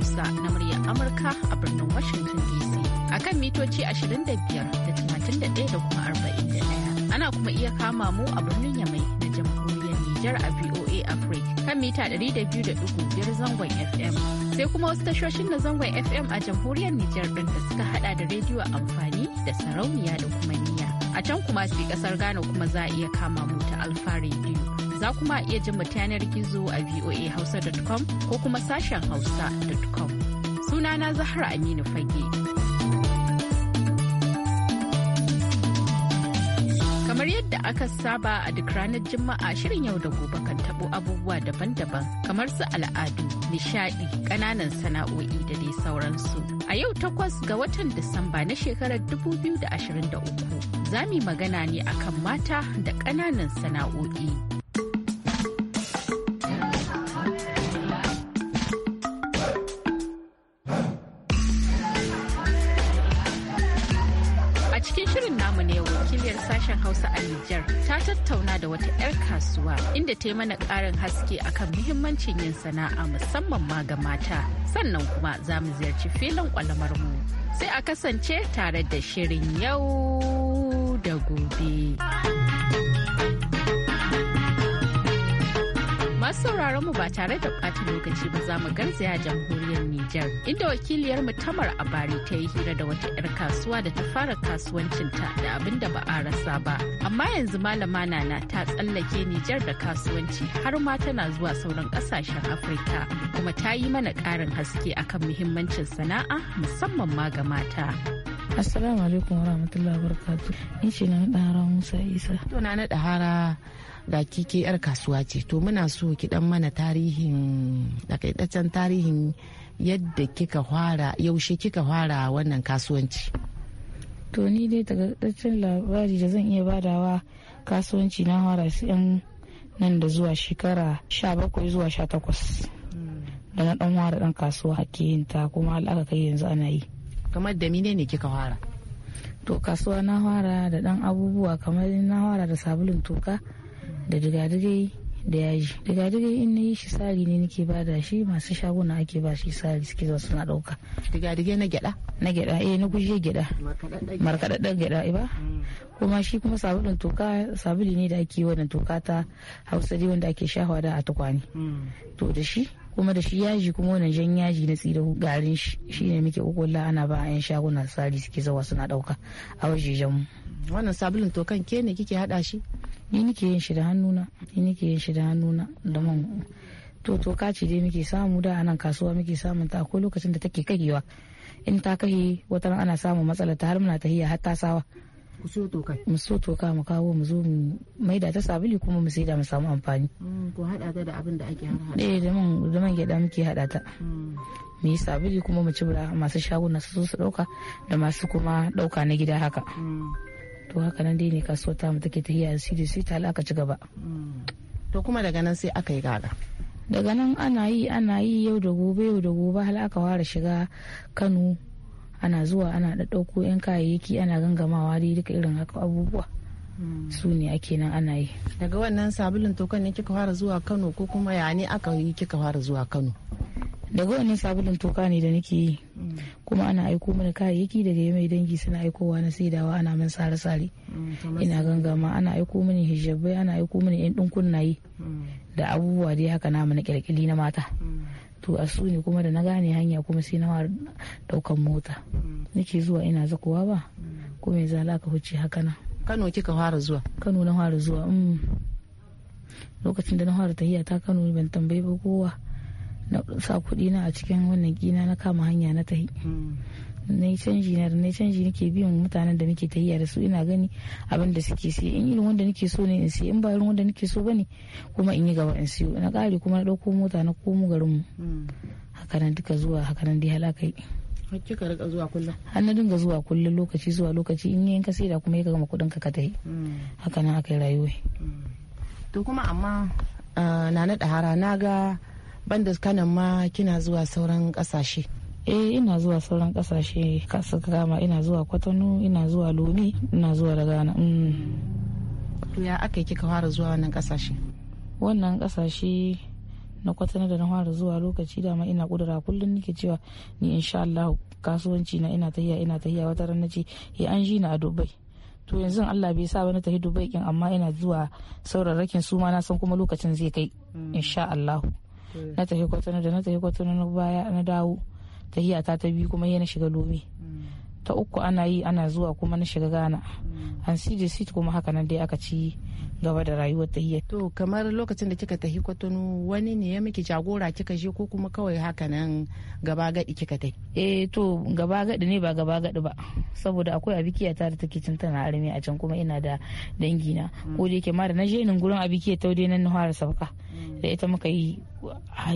Hausa na muryar Amurka a birnin Washington DC a kan mitoci 25 da 31 da kuma 41. Ana kuma iya kama mu a birnin Yamai na jamhuriyar Nijar a VOA Africa kan mita 200.5 zangon FM. Sai kuma wasu tashoshin na zangon FM a jamhuriyar Nijar ɗin da suka hada da rediyo amfani da sarauniya da kuma niya. A can kuma sai kasar Ghana kuma za a iya kama mu ta Alfa Radio. za kuma iya ji mu ta yanar gizo a voahausa.com ko kuma sashen hausa.com. Sunana Zahra Aminu Fage. Kamar yadda aka saba a duk ranar Juma'a shirin yau da gobe kan tabo abubuwa daban-daban kamar su al'adu, nishadi, ƙananan sana'o'i da dai sauransu. A yau takwas ga watan Disamba na shekarar 2023 za mu magana ne akan mata da ƙananan sana'o'i. tattauna da wata 'yar kasuwa inda ta yi mana ƙarin haske akan muhimmancin yin sana'a musamman ma ga mata. Sannan kuma za mu ziyarci filin mu sai a kasance tare da shirin yau da gobe. masu sauraron mu ba tare da ɓata lokaci ba za mu garzaya jamhuriyar Nijar inda wakiliyar mu Tamar Abari ta yi hira da wata 'yar kasuwa da ta fara kasuwancinta da abin da ba a rasa ba. Amma yanzu malama Nana ta tsallake Nijar da kasuwanci har ma tana zuwa sauran kasashen Afirka kuma ta yi mana ƙarin haske akan muhimmancin sana'a musamman ma ga mata. Assalamu alaikum warahmatullahi wabarakatuh. Ni ce na Dahara Musa Isa. To na na Dahara ga kike yar kasuwa ce to muna so ki dan mana tarihin takaitaccen tarihin yadda kika fara yaushe kika fara wannan kasuwanci to ni dai takaitaccen labari da zan iya badawa kasuwanci na fara su yan nan da zuwa shekara 17 zuwa 18 hmm. da na dan fara dan kasuwa ke yin ta kuma aka kai yanzu ana yi kamar da mine ne kika fara to kasuwa na fara da dan abubuwa kamar na fara da sabulun toka da digadigai da yaji digadigai in na yi shi sari ne nake bada shi masu shaguna ake ba shi sari suke zuwa suna dauka digadigai na gyada na gyada eh na guje gyada markadaddan gyada ba mm. kuma shi kuma sabulin toka sabuli ne da ake wannan toka ta hausa dai wanda ake shahawa da a tukwani mm. to da shi kuma da shi yaji kuma wannan jan yaji na tsira garin shi shine muke kokolla ana ba yan shaguna sari suke zawa suna dauka a wajejen mu wannan sabulun to kan ke ne kike hada shi ni nike yin shi da hannuna ni nike yin shi da hannuna da man to to kaci dai muke samu da anan kasuwa muke samun ta ko lokacin da take kagewa in ta kai wata ana samun matsala ta har muna tahiya har ta sawa ku so toka mu so toka mu kawo mu zo mu maida ta sabili kuma mu saida mu samu amfani mm, ku hada ta da abin da ake hada eh da man da man gyada muke hada ta mm. mu yi sabili kuma mu ci masu shaguna su so su dauka da masu kuma dauka na gida haka mm. to haka nan dai ne kasuwar ta mu take ta sidi sai ta aka ci gaba to kuma daga nan sai aka yi gaga daga nan ana yi ana yi yau da gobe yau da gobe hal aka ware shiga Kano ana zuwa ana ɗaɗɗauko 'yan kayayyaki ana gangamawa dai duka irin haka abubuwa hmm. su ne ake nan ana yi daga wannan sabulin tokan ne kika fara zuwa kano ko kuma ya ne aka yi kika fara zuwa kano daga wannan sabulin toka ne da nake yi hmm. kuma ana aiko mana kayayyaki daga mai dangi suna aikowa na saidawa ana min sare-sare hmm, ina gangama ana aiko mana hijabai ana aiko mana yan dinkunnaye da abubuwa dai haka na na kirkili na mata to a su ne kuma da na gane hanya kuma sai na daukan mota nake zuwa ina zakuwa ba ko me zala ka huce haka na kano kika fara zuwa kano na fara zuwa mm. lokacin da na fara tahiya ta kano ban tambayi ba kowa na sa kuɗi na a cikin wannan kina na kama hanya na tahi mm. na canji na da canji nake biyan mutanen da muke tahiya da su ina gani abin da suke sai in irin wanda nake so ne in sai in ba irin wanda nake so bane kuma in yi gaba in siyo na kare kuma na dauko mota na komo garin mu hmm. haka nan duka zuwa haka nan dai halakai kika rika zuwa kullum har na dinga zuwa kullum lokaci zuwa lokaci in yi ka saida kuma ya gama kudin ka ka yi. Hmm. haka nan aka yi rayuwa hmm. to kuma amma ah, na naɗa hara na ga banda kanan ma kina zuwa sauran kasashe eh ina zuwa sauran kasashe kasu kama ina zuwa kwatano ina zuwa lomi ina zuwa da ghana mm. ya aka yi kika fara zuwa wannan kasashe wannan kasashe na kwatano da na fara zuwa lokaci dama ina kudura kullum nake cewa ni insha Allah kasuwanci na ina tahiya ina tahiya wata ran nace ya eh, an ji na a Dubai to yanzu Allah bai sa wani tahi Dubai kin amma ina zuwa saurarakin su ma na san kuma lokacin zai kai mm. insha Allah na tafi kwatano da na tafi kwatano na baya na dawo tahiya ta ta biyu kuma yana shiga lomi mm. ta uku ana yi ana zuwa kuma na shiga gana. an sit kuma haka nan dai aka ci gaba da rayuwar tahiyya to kamar lokacin da kika tahi kwatano wani ne ya miki jagora kika je ko kuma kawai haka nan gaba gadi kika tafi eh to gaba gadi ne ba gaba gadi ba saboda akwai abikiya ta da take cin tana arme a can kuma ina da dangi na mm. ko da yake mara na je nan gurin abikiya ta dai nan na fara sabka mm. da ita muka yi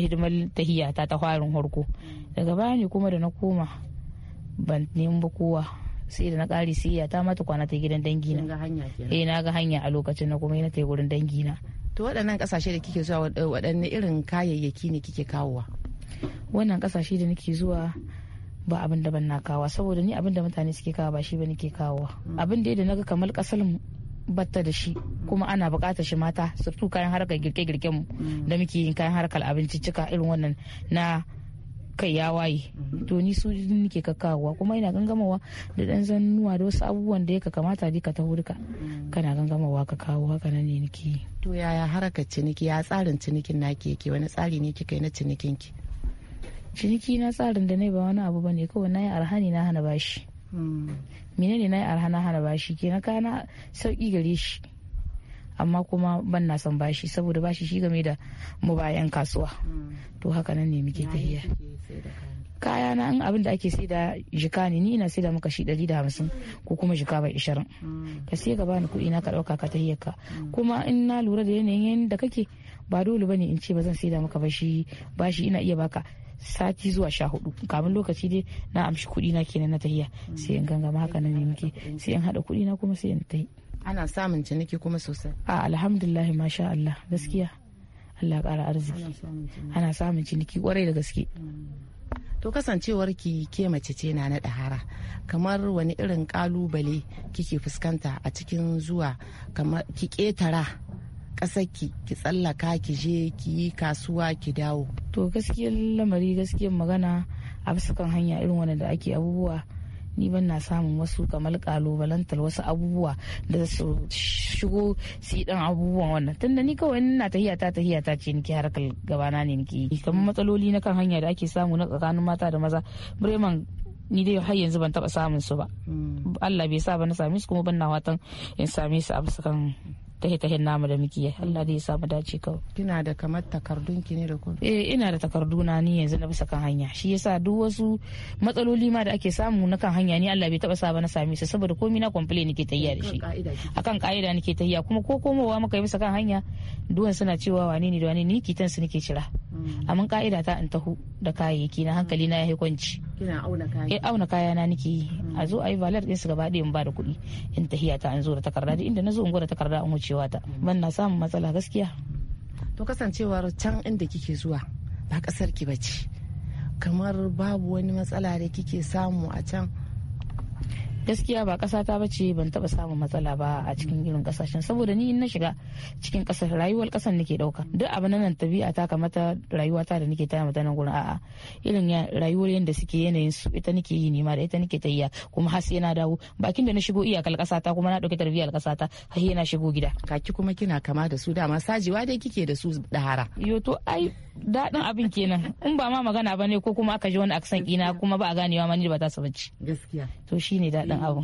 hidimar tahiyya ta ta farin harko mm. daga baya ne kuma da na koma ban nemi ba kowa sai da na ƙari sai ta mata kwana ta gidan dangi na eh na ga hanya a lokacin na kuma na ta gurin dangi na to waɗannan ƙasashe da kike zuwa waɗanne irin kayayyaki ne kike kawowa wannan ƙasashe da nake zuwa ba abin da ban na kawa saboda ni abin da mutane suke kawo ba shi ba nake kawo mm. abin da da naga kamar kasar batta da shi kuma ana bukatar shi mata surtu kayan harkar girke-girken mu mm. da muke yin kayan harkar abinci cika irin wannan na kai ya waye to ni su nike kakawa kuma ina gangamawa da dan zannuwa da wasu abubuwan da ya kamata dika ta taho kana gangamawa ka kawo haka nan ne nike to yaya haraka ciniki ya tsarin cinikin naki yake wani tsari ne kika yi na cinikin ki ciniki na tsarin da nai ba wani abu bane kawai nayi arhani na hana bashi hmm. menene nayi arhana hana bashi kenan kana sauki gare shi amma kuma ban na son bashi saboda bashi shi game da mu bayan kasuwa mm. to haka nan ne muke tafiya kaya na in abin da ake sai da jika ne ni na sai da maka shi ɗari da hamsin ko kuma jika bai ishirin mm. ka sai ka bani kuɗi na ka ɗauka ka tahiyar ka mm. kuma in na lura da yanayin da kake ba dole bane in ce ba zan sai da maka bashi bashi ina iya baka sati zuwa sha hudu kamin lokaci dai na amshi kuɗi na kenan na tahiya sai in gangama haka nan ne muke sai in haɗa kuɗi na kuma sai in tahi ana samun ciniki kuma sosai a alhamdulillah masha Allah gaskiya Allah ƙara arziki ana samun ciniki kwarai da gaske mm. to kasancewar ki ke mace ce na na dahara kamar wani irin kalubale kike fuskanta a cikin zuwa kamar ki ketara kasar ki ki tsallaka ki je ki yi kasuwa ki dawo to gaskiyar lamari gaskiyar magana a fuskan hanya irin wanda ake abubuwa ni ban na samun wasu kamar kalubalantar wasu abubuwa da su shigo su dan abubuwan wannan tunda ni kawai ina tahiya ta tahiya ta ce niki harkar gabana ne niki kamar matsaloli na kan hanya da ake samu na tsakanin mata da maza bremen ni dai har yanzu ban taba samun su ba mm. Allah bai sa ba na same su kuma ban na watan in same su a kan tahe-tahen namu da muke Allah zai ya sa mu dace kawai kina da kamar takardun ki ne da ku eh ina da takardu na ni yanzu na bisa kan hanya shi yasa duk wasu matsaloli ma da ake samu na kan hanya ni Allah bai taba sa ba na sami su saboda komai na complain nake tahiya da shi akan ka'ida nake tahiya kuma ko komowa muka yi bisa kan hanya duwan suna cewa wane ne da wane ni kitan su nake cira mm. amma ka'ida ta in taho da kayayyaki na hankali na yayi kwanci kina auna kaya eh auna kaya na nake yi a mm. zo ayi valar din su gaba ɗaya in ba da kuɗi in tahiya ta an zo da takarda inda na zo in gwada takarda in wuce kasancewa ta ban na samun matsala gaskiya to kasancewar can inda kike zuwa ba kasar ki bace kamar babu wani matsala da kike samu a can gaskiya ba ƙasa ta bace ban taɓa samun matsala ba a cikin irin ƙasashen saboda ni na shiga cikin ƙasar rayuwar ƙasar nake ɗauka duk abu na nan tabi'a ta kamata rayuwa ta da nake taya nan gurin a'a irin rayuwar yadda suke yanayin su ita nake yi nima da ita nake ta iya kuma hasi yana dawo bakin da na shigo iyakar ƙasa ta kuma na ɗauki tarbiyyar ƙasa ta har yana shigo gida kaki kuma kina kama da su dama sajewa dai kike da su dahara yo to ai daɗin abin kenan in ba ma magana ba ne ko kuma aka ji wani aksan ina kuma ba a ganewa ma ni ba ta sabanci gaskiya to shine daɗin daɗin abu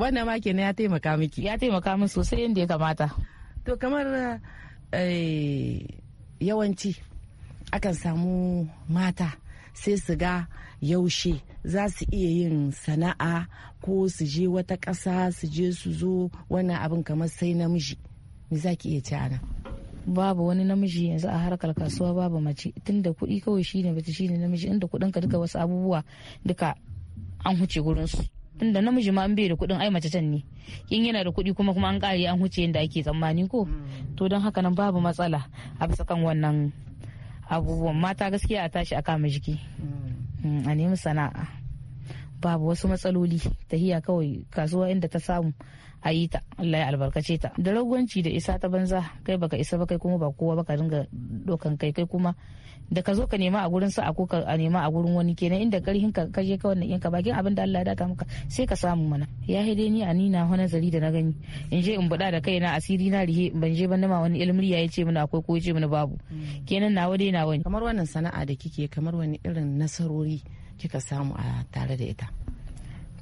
wannan ma kenan ya taimaka miki ya taimaka min sosai yadda ya kamata to kamar eh, yawanci akan samu mata sai su ga yaushe za su iya yin sana'a ko su je wata ƙasa su je su zo wannan abin kamar sai namiji me za ki iya ci ana babu wani namiji yanzu a harkar kasuwa babu mace tunda kuɗi kawai shi ne bata ne namiji inda kuɗin ka duka wasu abubuwa duka an huce gurin su tunda namiji ma an bai da kuɗin ai mace can ne in yana da kuɗi kuma kuma an ƙare an huce yadda ake tsammani ko mm. to don haka nan babu matsala a bisa kan wannan abubuwan mata gaskiya a tashi a kama jiki mm. Mm, a nemi sana'a babu wasu matsaloli tahiya kawai kasuwa inda ta samu a yi ta Allah ya albarkace ta da ragwanci da isa ta banza kai baka isa ba kai kuma ba kowa baka ringa dokan kai kai kuma da ka zo ka nema a gurin sa ko ka nema a gurin wani kenan inda karhin ka kaje ka wannan yanka bakin abin da Allah ya daka maka sai ka samu mana ya hide ni a ni na wani zari da na gani in je in buɗa da kai kaina asiri na rihe ban je ba nema wani ilmi ya ce mana akwai ko ya ce babu mm. kenan nawa dai nawa wani. kamar wannan sana'a da kike kamar wani irin nasarori kika samu a tare da ita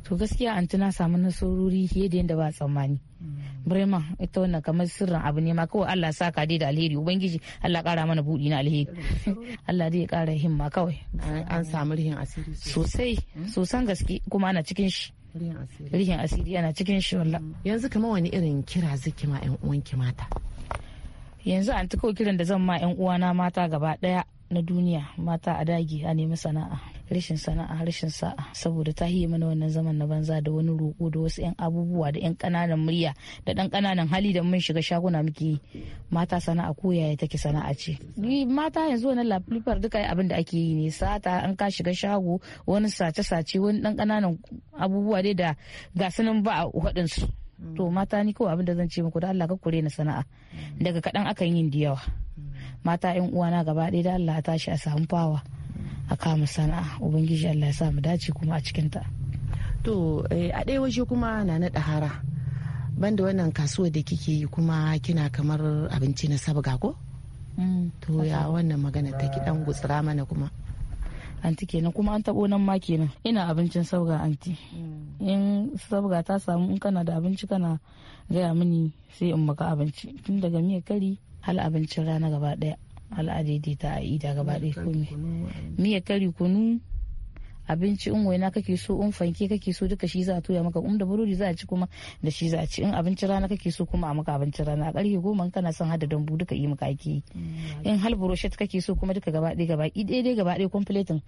to gaskiya an tuna samu nasarori fiye da yadda ba tsammani mm. birma ita wannan kamar sirrin abu ne ma kawai Allah sa dai da alheri ubangiji Allah kara mana budi na alheri Allah dai ya kara himma kawai an samu rihin asiri sosai hmm? sosan gaske kuma ana cikin shi rihin asiri ana cikin shi hmm. yanzu kamar wani irin kira zaki ma yan uwanki mata yanzu an ta kawai kiran da zan ma yan uwana mata gaba daya na duniya mata a dagi a nemi sana'a rashin sana'a rashin sa'a saboda ta yi mana wannan zaman na banza da wani roƙo da wasu 'yan abubuwa da 'yan ƙananan murya da ɗan ƙananan hali da mun shiga shaguna muke mata sana'a ko yaya take sana'a ce mata yanzu wannan lafifar duka abin da ake yi ne sata an ka shiga shago wani sace-sace wani ɗan ƙananan abubuwa dai da ga sunan ba a waɗansu mm. to mata ni kawai abin da zan ce muku da Allah ka kure na sana'a mm. daga kaɗan akan yin da yawa mm. mata 'yan uwana gaba ɗaya da Allah a tashi a samu fawa a kama sana'a ubangiji allah ya sa mu dace kuma a cikinta to eh, a ɗaya waje kuma na naɗa hara banda wannan kasuwar da kike yi kuma kina kamar abinci na sabga ko mm, to ya wannan magana ta ki dan gutsira mana kuma anti kenan kuma an taɓo nan ma kenan ina abincin sabga anti mm. in sabga ta samu in kana da abinci kana gaya mini sai in maka abinci tun daga miya kari hal abincin rana gaba ɗaya da ta a'ida gaba ɗaya komai miya kari kunu abinci in waina kake so in fanke kake so duka shi za a toya maka in da burodi za a ci kuma da shi za a ci in abinci rana kake so kuma a maka abincin rana a karfe goma kana son hada dambu duka yi maka ake mm, in hal brochet kake so kuma duka gaba ɗaya gaba ɗaya dai gaba ɗaya completing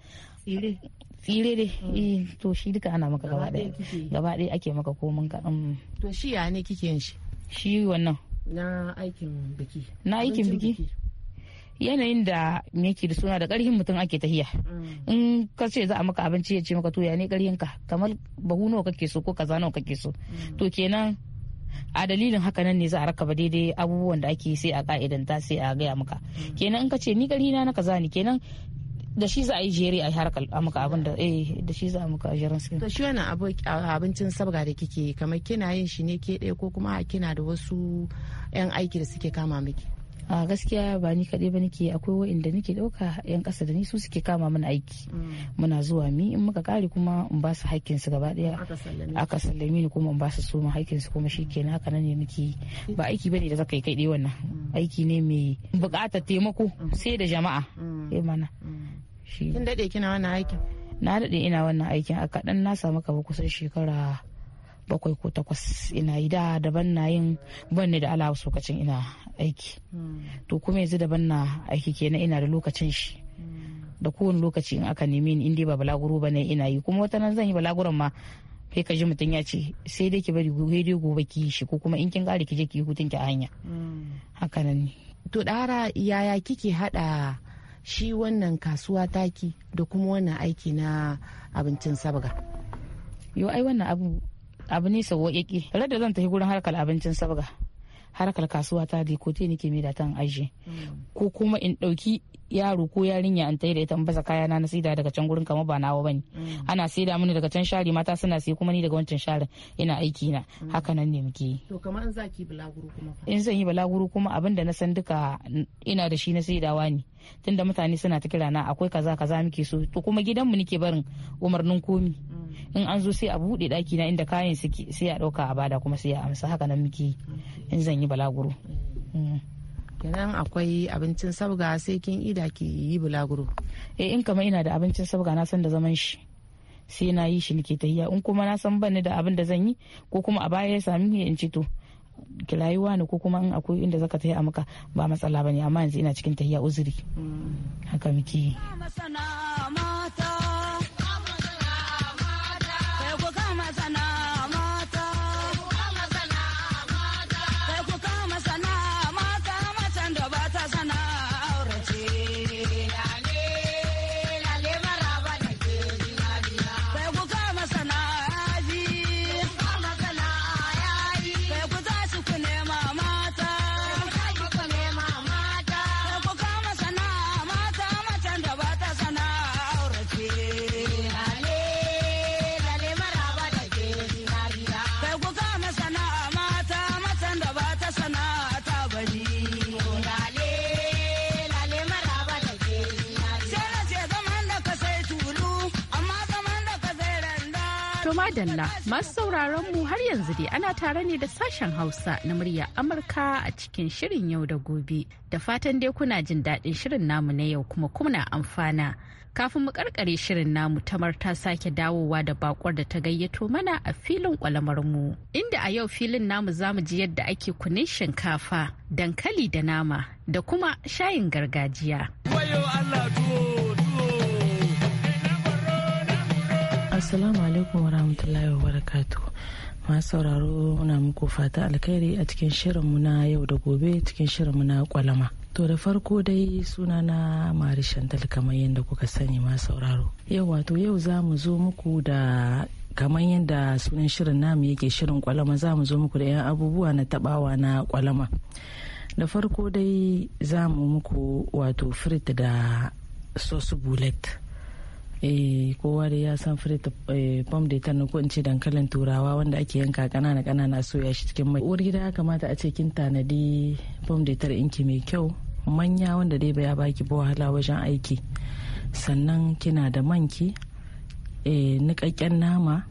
tsire dai mm. eh to shi duka ana maka gaba ɗaya gaba ɗaya ake maka komin ka um. to shi ya ne kike yin shi shi wannan na aikin biki na aikin biki yanayin da yake da suna da karhin mutum ake tahiya mm. in ka ce za a maka abinci ya ce maka to ya ne karhin ka kamar bahu nawa kake so ko kaza nawa kake so mm. to kenan a dalilin haka nan ne za a rakaba daidai abubuwan da ake sai a ka'idanta sai a gaya maka mm. kenan in ka ce ni karhina na kaza ne kenan da shi za a yi jere a a maka abin da eh da shi za a muka jeren skin to shi wannan abincin sabga da kike kamar kina yin shi ne ke ɗaya ko kuma kina da wasu yan aiki da suke kama miki a gaskiya ba ni kaɗai ba nake akwai wa'inda nake ɗauka yan ƙasa da ni su suke kama mana aiki mm. muna zuwa mi in muka kare kuma in ba su haƙƙin su gaba ɗaya aka sallame ni kuma in ba su su ma haƙƙin su kuma shikenan haka nan ne nake ba aiki bane da zaka yi kai wannan mm. aiki ne mai buƙatar taimako mm. sai da jama'a eh mana kin daɗe kina wannan aikin na daɗe ina wannan aikin a kaɗan na samu kaba kusan shekara bakwai ko takwas ina yi da daban na yin ban ne da alawus lokacin ina aiki hmm. to kuma yanzu daban na aiki kenan ina da lokacin shi hmm. da kowane lokaci in aka nemi ni in dai ba balaguro ba ne ina yi kuma wata nan zan yi balaguron ma kai ka ji mutum ya ce sai dai ki bari gobe dai gobe ki yi shi ko kuma in kin kare ki je ki yi hutun ki a hanya hmm. haka nan ne to dara yaya kike hada shi wannan kasuwa taki da kuma wannan aiki na abincin sabga yo ai wannan abu abu ne sauwaƙe da zan tafi gurin harkar abincin sabga harkar kasuwa ta da ko ke mai da tan aji ko kuma in ɗauki yaro ko yarinya an tayi da ita in baza kaya na saida daga can gurin kama ba nawa bane mm. ana saida mini daga can share mata suna sai kuma ni daga wancan sharin ina aiki na mm. haka nan ne muke yi to kamar in zaki balaguro kuma in zan yi balaguro kuma abin da na san duka ina da shi na saidawa ne tunda mutane suna ta kira na akwai kaza kaza muke so to kuma gidanmu nake barin umarnin komi mm. in an zo sai a buɗe ɗaki na inda kayan suke sai a ɗauka a bada kuma sai a amsa haka nan muke mm. in zan yi balaguro mm. kenan akwai abincin sabga sai kin ida ki yi bulaguro eh in kama ina da abincin sabga na san da zaman shi sai na yi shi nake tahiya in kuma na san ban da abin da zan yi ko kuma a baya ya sami in ci ki rayuwa ne ko kuma in akwai inda zaka tafi a maka ba matsala bane amma yanzu ina cikin tahiya uzuri mm. haka muke mata madalla masu sauraron mu har yanzu dai ana tare ne da sashen hausa na murya amurka a cikin shirin yau da gobe da fatan dai kuna jin daɗin shirin namu na yau kuma kuna amfana kafin mu karkare shirin namu tamar ta sake dawowa da bakwar da ta gayyato mana a filin kwalamar mu inda a yau filin namu za mu ji yadda ake kunin shinkafa dankali da nama da kuma shayin gargajiya. Allah Assalamu alaikum wa rahmatullahi wa barakatu. Masu sauraro muna muku fata alkhairi a cikin shirinmu na yau da gobe cikin shirin mu na kwalama. To da farko dai suna na Marishantal kamar yadda kuka sani masu sauraro. Yau wato yau za mu zo muku da kamar yadda sunan shirin namu yake shirin kwalama za mu zo muku da 'yan abubuwa na tabawa na kwalama. Da farko dai za mu muku wato frit da sosu bullet. Eh, kowa da ya san frit eh, pom de ko in ce dankalin turawa wanda ake yanka kanana kanana soya shi cikin mai uwar gida ya kamata a ce kin tanadi pom de tar inki mai kyau manya wanda dai ya baki ba wahala wajen aiki sannan kina da manki eh, nikakken nama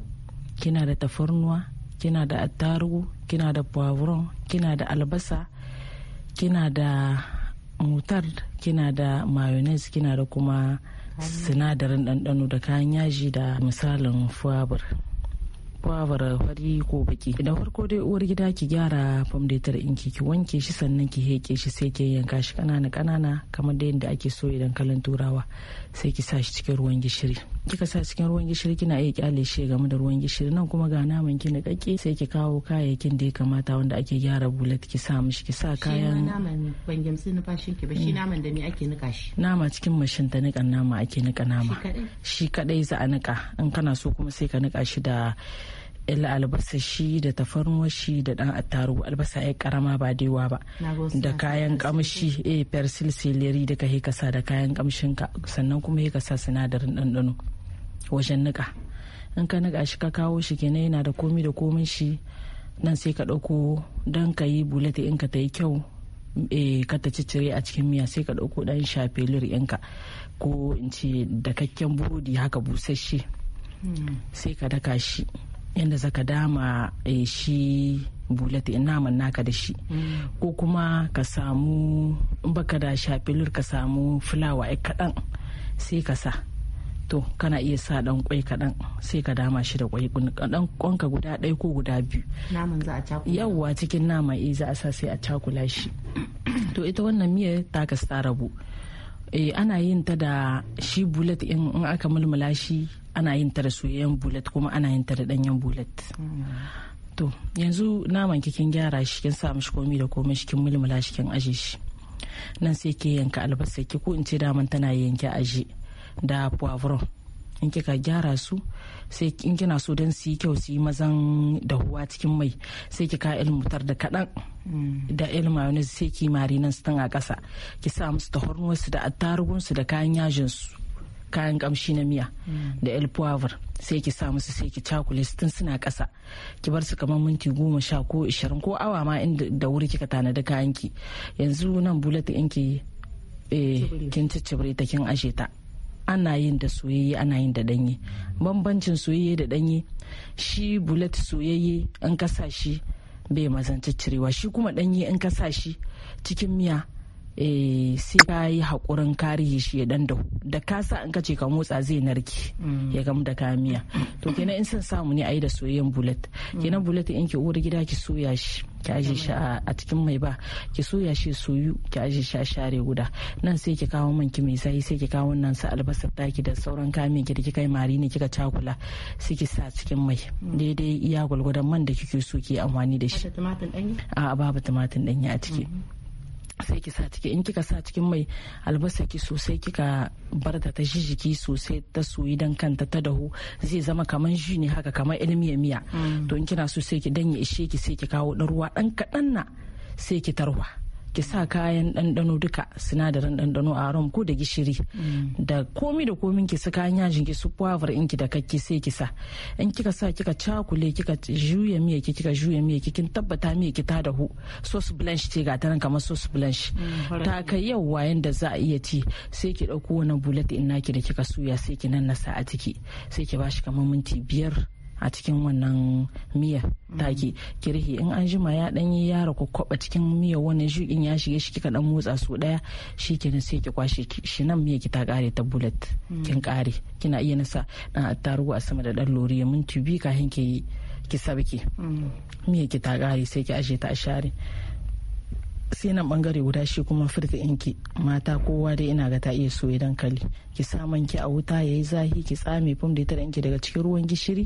kina da tafarnuwa kina da attarugu kina da poivron kina da albasa kina da mutar kina da mayonnaise kina da kuma sinadarin ɗanɗano da kayan yaji da misalin fuwabar fuwabar fari ko baki da farko dai uwar gida ki gyara famdetar in ki wanke shi sannan ki heke shi sai ki yanka shi kanana kanana kamar da yadda ake so idan kalan turawa sai ki sa shi cikin ruwan gishiri kika sa cikin ruwan gishiri kina iya kyale shi game da ruwan gishiri nan kuma ga naman ki nikakke sai ki kawo kayayyakin da ya kamata wanda ake gyara bulat ki sa mishi ki sa kayan naman ban gamsu ki ba shi mm. naman da ni ake nika shi nama cikin mashin ta nika nama ake nika nama shi kadai za a nika in kana so kuma sai ka nika shi da ila albasa shi da tafarnuwa shi da dan attarugu albasa ya karama ba daiwa ba da kayan kamshi eh persil celery da ka kasa da kayan kamshin ka sannan kuma ya kasa sinadarin ɗanɗano wajen nika in ka nika shi ka kawo shi kenan yana da komi da komin shi nan sai ka dauko don ka yi bulata in ka ta yi kyau eh, ka ta ciccire a cikin miya sai ka ɗauko ɗan shafelur ka ko in ce dakakken burodi haka busasshe hmm. sai ka daka shi yadda zaka dama eh, shi bulati naman naka da shi mm. ko kuma ka samu baka da shafilur ka samu fulawa ai kaɗan sai ka sa to kana iya sa dan kwai kaɗan sai ka dama shi da kwai dan kwanka guda ɗaya ko guda biyu naman za a cakula yawwa cikin nama eh za a sa sai a cakula shi to ita wannan miya ta ka rabu e ana yin ta da shi bulat in aka mulmula shi ana yin ta da soyayyen bullet kuma ana yin ta da ɗanyen bullet to yanzu naman kin gyara shi kin sa mishi komi da komai shi kin mulmula shi kin aje shi nan sai ke yanka albasa ki ko in ce da daman tana yanke aje da poivron in kika gyara su sai in kina so don su yi kyau su yi mazan dahuwa cikin mai sai kika ilmutar da kaɗan mm. da ilma wani sai ki marinan su tun a kasa ki sa musu da hornuwarsu da attarugunsu da kayan yajin su. kayan kamshi na miya da el sai ki sa musu sai ki cakule tun suna kasa ki bar su kamar minti goma sha ko ishirin ko awa ma inda da wuri kika tanadi kayan ki yanzu nan bullet ɗinki eh, kin ciccire ta kin ashe ta ana yin da soyayye ana yin da ɗanye bambancin soyayye da ɗanye shi bulet soyayye an kasa shi bai mazan ciccirewa shi kuma ɗanye in ka shi cikin miya Eh, sai ka yi haƙurin karihi shi ya dandau da ka sa in ka ce ka motsa zai narke mm. ya gamu da kamiya to kenan in san samu ne a yi da soyayyen bullet mm. kenan bullet in ki uwar gida ki soya shi ki aje shi a cikin mai ba ki soya shi soyu ki aje shi a share guda nan sai ki kawo man ki mai sai sai ki kawo nan sa albasar daki da sauran kamin ki da kika yi mari ne kika cakula sai ki sa cikin mai mm. daidai iya gwalgwadon man da kike so ki amfani da shi a babu tumatir danyi a ciki mm-hmm. sai ki sa ciki in kika sa cikin mai albasa ki sosai kika bar ta ta jijiki sosai ta soyi dan kanta ta dahu zai zama kamar ji ne haka kamar ilmiya miya mm. to in kina so sai ki danye ishe ki sai ki kawo ɗan ruwa dan kaɗan na sai ki tarwa ki sa kayan ɗanɗano duka sinadarin ɗanɗano a rom ko da gishiri mm. da komi da komin ki su kayan yajin ki su puwavar in ki da kakki sai ki sa in kika sa kika cakule kika juya miya ki kika juya miya ki kin tabbata miya ki ta dahu sauce blanche ce ga taran kamar sauce blanche mm, ta kai yau wa yanda za a iya ci sai ki ɗauko wani bulet in naki da kika suya sai ki nannasa a ciki sai ki bashi kamar minti biyar a cikin wannan miya mhm. take kirhi in an jima ya dan yi yara kwaba cikin miya wannan shukin ya shige shi kika dan motsa su daya shikenan sai ki kwashe shi nan miya ki ta kare ta bullet mhm. kin kare kina iya nasa dan attarugu a sama da dan lori minti biyu kafin ki ki sabki mhm. miya ki ta kare sai ki aje ta a share sai nan bangare guda shi kuma furta inki mata kowa dai ina ga ta iya soye dankali ki saman ki a wuta yayi zahi ki tsame fum da ita inki daga cikin ruwan gishiri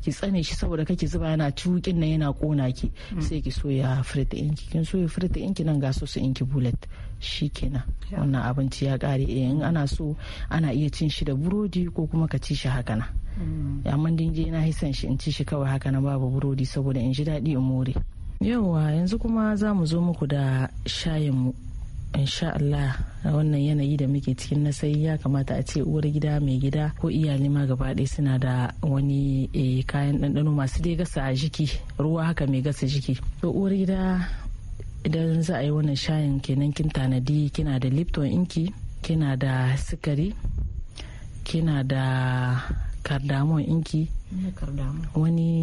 ki tsane shi saboda kake zuba yana cukin nan yana kona ki mm. sai ki soya furta inki kin soya furta inki nan ga su inki bullet shi kenan wannan abinci ya kare eh, in ana so ana iya cin shi da burodi ko kuma ka ci shi haka nan mm. amma din na hisan shi in ci shi kawai haka na babu burodi saboda in ji daɗi in more yauwa yanzu kuma za mu zo muku da shayinmu. insha Allah a wannan yanayi da muke cikin na sai ya kamata a ce uwar gida mai gida ko iyali ma gaba ɗaya suna da wani eh, kayan ɗanɗano masu dai gasa a jiki ruwa haka mai gasa jiki to uwar gida idan za a yi wannan shayin kenan kin tanadi kina da lipton inki kina da sukari kina da kardamon inki wani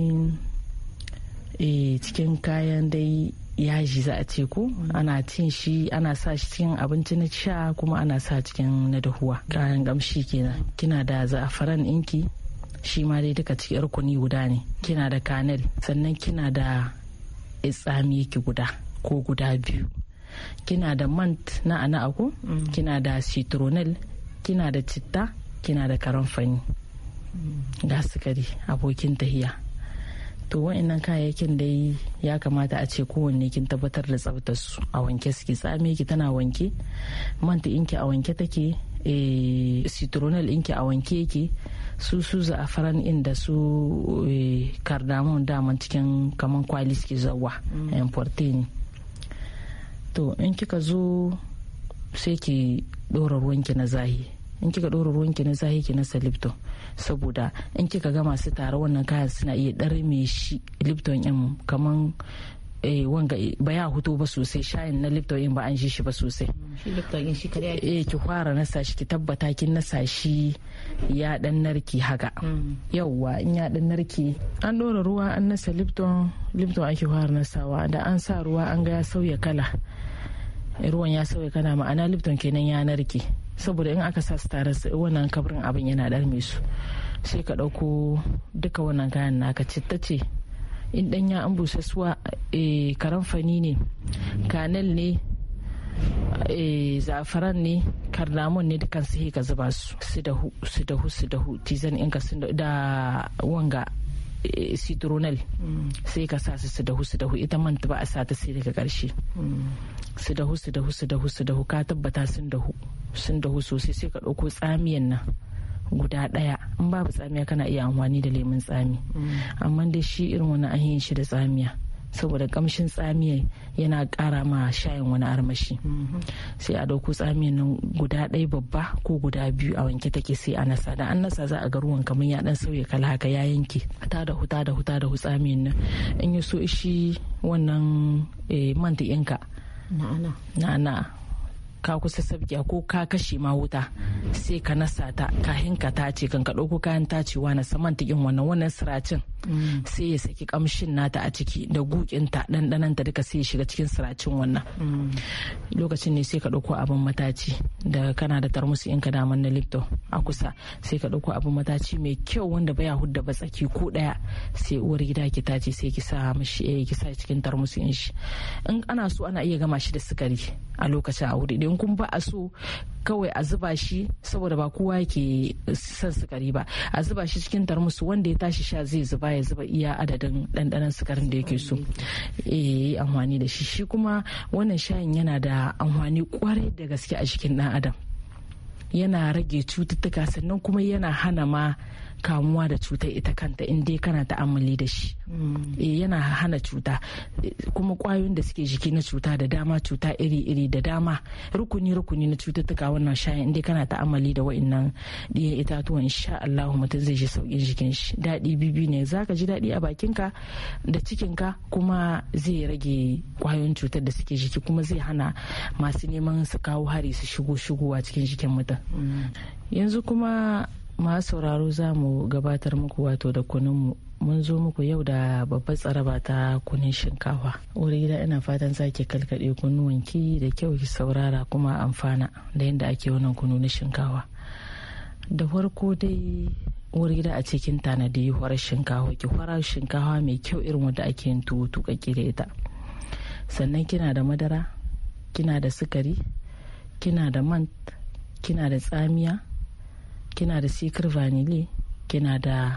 Eh, cikin kayan dai yaji za a ce ko mm. ana cin shi ana sa shi cikin abinci na sha kuma ana sa cikin na dahuwa kayan gamshi kenan mm. kina da za'afaran inki shi ma dai duka cikin rukuni guda ne kina da kanel sannan kina da tsami yake guda ko guda biyu kina da mant na ana'a ko mm. kina da citronel kina da citta kina da karamfani ga sukari abokin tahiya to wa'annan kayayyakin da ya kamata a ce kowanne kin tabbatar da tsaftar su a wanke suke tsame ki tana wanke manta inki a wanke take eh, citronel inki a wanke yake su su faran inda su kardamon eh, daman cikin kaman kwali suke zawa mm. to in kika zo sai ki ɗora ruwanki na zahi in kika ɗora ruwan ki na zahi ki na lipton saboda in kika ga masu tara wannan kayan suna iya ɗarme shi lipton ɗin kaman eh, wanga ba ya hutu ba sosai shayin na lipton ɗin ba an shi shi ba sosai eh ki fara na sashi ki tabbata kin na sashi ya dan narki haka mm. yawwa in ya dan narki an dora ruwa an nasa lipton lipton ake fara sawa da an sa ruwa an ga ya sauya kala ruwan ya sauya kala ma'ana lipton kenan ya narke saboda in aka sa su tare wannan kabrin abin yana ɗarme su sai ka ɗauko duka wannan kayan naka ka ce in dan ɗanya an busassuwa eh, karamfani ne kanel ne eh, zafaran ne kardamun ne dukan su ka zuba su su dahu su dahu su dahu tizan in ka da wanga Eh, citronel mm. sai ka sa su su dahu su dahu ita manta ba a sa ta sai daga karshe mm. su dahu su dahu su dahu su dahu ka tabbata sun dahu sun dahu sosai sai ka ɗauko tsamiyan nan guda ɗaya in babu tsamiya kana iya amfani da lemun tsami mm. amma dai shi irin wani ahiyin shi da tsamiya saboda kamshin tsamiya yana ƙara ma shayin wani armashi mhm. sai a ɗauko tsamiyan nan guda ɗaya babba ko guda biyu a wanke take sai a nasa da an nasa za a ga ruwan kamar ya ɗan sauya kala haka ya yanke ta da huta da huta da tsamiyan nan in ya so shi wannan eh, man ta yanka na'ana ka kusa sabgiya ko ka kashe ma wuta sai ka nasa ta kahin ka tace kan ka ɗauko kayan tacewa na saman ta wannan wannan siracin sai ya saki kamshin nata a ciki da gukinta ɗanɗananta duka sai ya shiga cikin siracin wannan lokacin ne sai ka ɗauko abin mataci da kana da tarmusu in ka daman na lifto a kusa sai ka ɗauko abin mataci mai kyau wanda baya hudda ba tsaki ko ɗaya sai uwar gida ki tace sai ki sa mishi eh ki sa cikin tarmusu in shi in ana so ana iya gama shi da sukari a lokacin a wuri idan kun ba a so kawai a zuba shi saboda ba kowa ke son sukari ba a zuba shi cikin tarmusu wanda ya tashi sha zai zuba baya ya zuba iya adadin ɗanɗanon sukarin da yake so yi eh, amfani da shi shi kuma wannan shayin yana da amfani kwarai da gaske a cikin ɗan adam yana rage cututtuka sannan kuma yana hana ma kamuwa da cutar ita kanta in dai kana amali da shi mm. eh, yana hana cuta kuma kwayoyin da suke jiki na cuta da dama cuta iri-iri da dama rukuni-rukuni na cututtuka wannan shayin in dai kana amali da wa'annan ɗiyan itatuwan insha Allah mutum zai ji sauƙin jikin shi daɗi bibi ne zaka ji daɗi a bakinka da cikinka kuma zai rage kwayoyin cutar da suke jiki kuma zai hana masu neman su kawo hari su shigo shigowa cikin jikin mutum mm. yanzu kuma masu sauraro za mu gabatar muku wato da kununmu mun zo muku yau da babbar tsaraba ta kunin shinkafa wuri gida ina fatan sake kalkaɗe kunnuwanki da kyau ki saurara kuma amfana da yadda ake wannan kunu na shinkafa da farko dai wuri gida a cikin tanadi horar shinkafa ki fara shinkafa mai kyau irin wanda ake yin tuwo da ita sannan kina da madara kina da sukari kina da man kina da tsamiya kina da sikar vanili kina da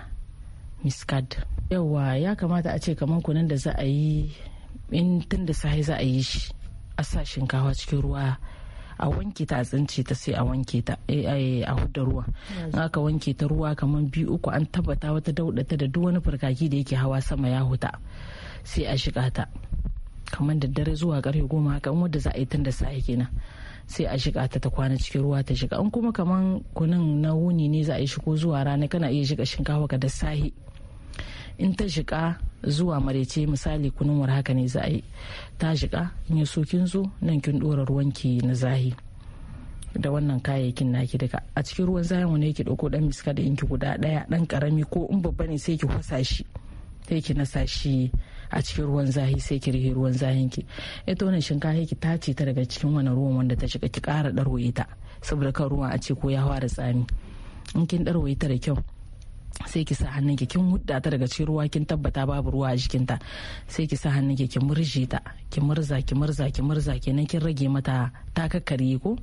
miskad. yawa ya kamata a ce kamar kunan da za a yi in tun da sahi za a yi shi a sa shinkawa cikin ruwa a wanke ta a tsince ta sai a wanke ta eh, eh, a hudda ruwa in aka wanke ta ruwa kamar biyu uku an tabbata wata daudata da duk wani farkaki da yake hawa sama ya huta sai a shiga ta kamar da dare zuwa karfe goma haka wadda za a yi tun da sahi kenan sai a shiga ta ta kwana cikin ruwa ta shiga in kuma kaman kunun na wuni ne za a yi shigo zuwa rana kana iya shiga shinkafa ka da sahi in ta shiga zuwa marece misali kunun war haka ne za a yi ta shiga in ya so kin zo nan kin dora ruwanki na zahi da wannan kayayyakin naki daga a cikin ruwan zahi wani yake dauko dan miska da inki guda daya dan karami ko in babba ne sai ki kwasa shi sai ki nasa shi a cikin ruwan zahi sai ki rihe ruwan zahin ki ita wannan shinkafa ki tace ta daga cikin wannan ruwan wanda ta shiga ki ƙara ɗarwaye ta saboda kan ruwan a ce ko ya fara tsami in kin ɗarwaye ta da kyau sai ki sa hannun ki kin hudda ta daga cikin ruwa kin tabbata babu ruwa a jikinta sai ki sa hannun ki kin murje ta ki murza ki murza ki murza kenan kin rage mata ta kakkare ko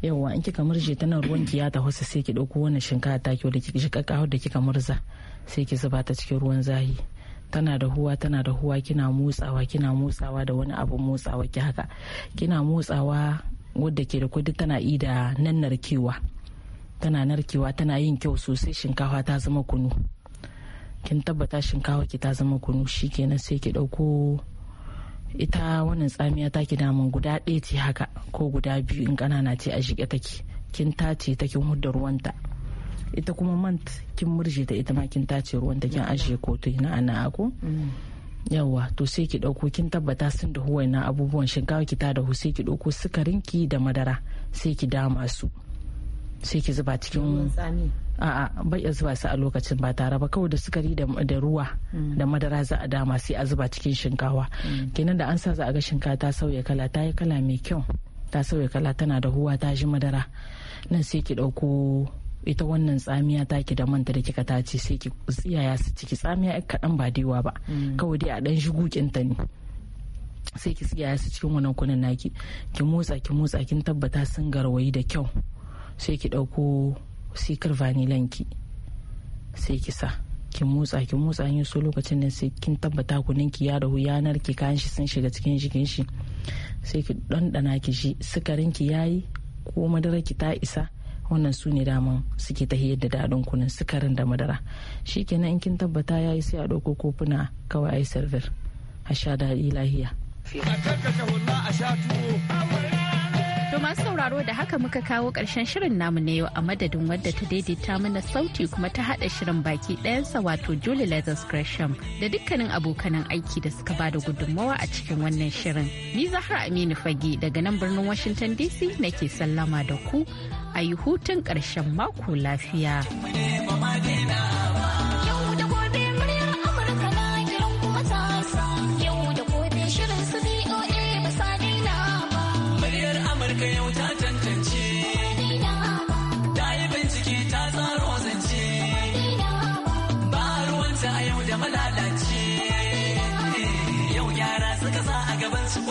yawwa in kika murje ta nan ruwan ki ya taho sai ki dauko wannan shinkafa ta ki da kika da kika murza sai ki zuba ta cikin ruwan zahi tana da huwa tana da huwa kina motsawa kina motsawa da wani abun motsawa ki haka kina motsawa wadda ke da kudi tana ida nan narkewa tana narkewa tana yin kyau sosai shinkafa ta zama kunu kin tabbata shinkafa ki ta zama kunu shi shikenan sai ki dauko ita wannan tsamiya ta ki damun guda ɗaya ce haka ko guda biyu in ƙanana ce a shige take kin tace ta kin hudda ruwanta ita kuma mant kin murje ta ita ma kin tace ruwan ta kin ajiye kotu na ana ako yawa to sai ki dauko kin tabbata sun da huwa na abubuwan shinkawa ki ta da hu sai ki dauko sukarin ki da madara sai ki dama su sai ki zuba cikin a bai zuba su a lokacin ba tare ba kawai da sukari da ruwa mm. da madara za a dama sai a zuba cikin shinkawa mm. kenan da an sa za a ga shinkawa ta sauya kala ta yi kala mai kyau ta sauya kala tana da huwa ta ji madara nan sai ki dauko ita wannan tsamiya ta taki da manta da kika tace sai ki tsiyaya su ciki tsamiya ka kaɗan ba daiwa ba mm. kawai dai a dan shigukin ta ne sai ki tsiyaya su cikin wannan kunan naki ki motsa ki motsa kin tabbata sun garwayi da kyau sai ki ɗauko sikar vanilanki sai ki sa ki motsa ki motsa yin so lokacin da sai kin tabbata kunan ki ya dahu yanar ki kayan shi sun shiga cikin jikin shi sai ki ɗanɗana ki shi sukarin ki yayi ko madara ki ta isa wannan su ne daman suke hiyar da daɗin kunun sukarin da madara shi kenan in kin tabbata ya yi sai a ɗauko kofuna kawai a yi servir a sha daɗi lahiya. To masu sauraro da haka muka kawo ƙarshen shirin namu na yau a madadin wadda ta daidaita mana sauti kuma ta haɗa shirin baki ɗayansa wato Julie Lazarus Gresham da dukkanin abokanan aiki da suka bada gudunmawa a cikin wannan shirin. Ni Zahra Aminu Fage daga nan birnin Washington DC nake sallama da ku a yi hutun ƙarshen mako lafiya.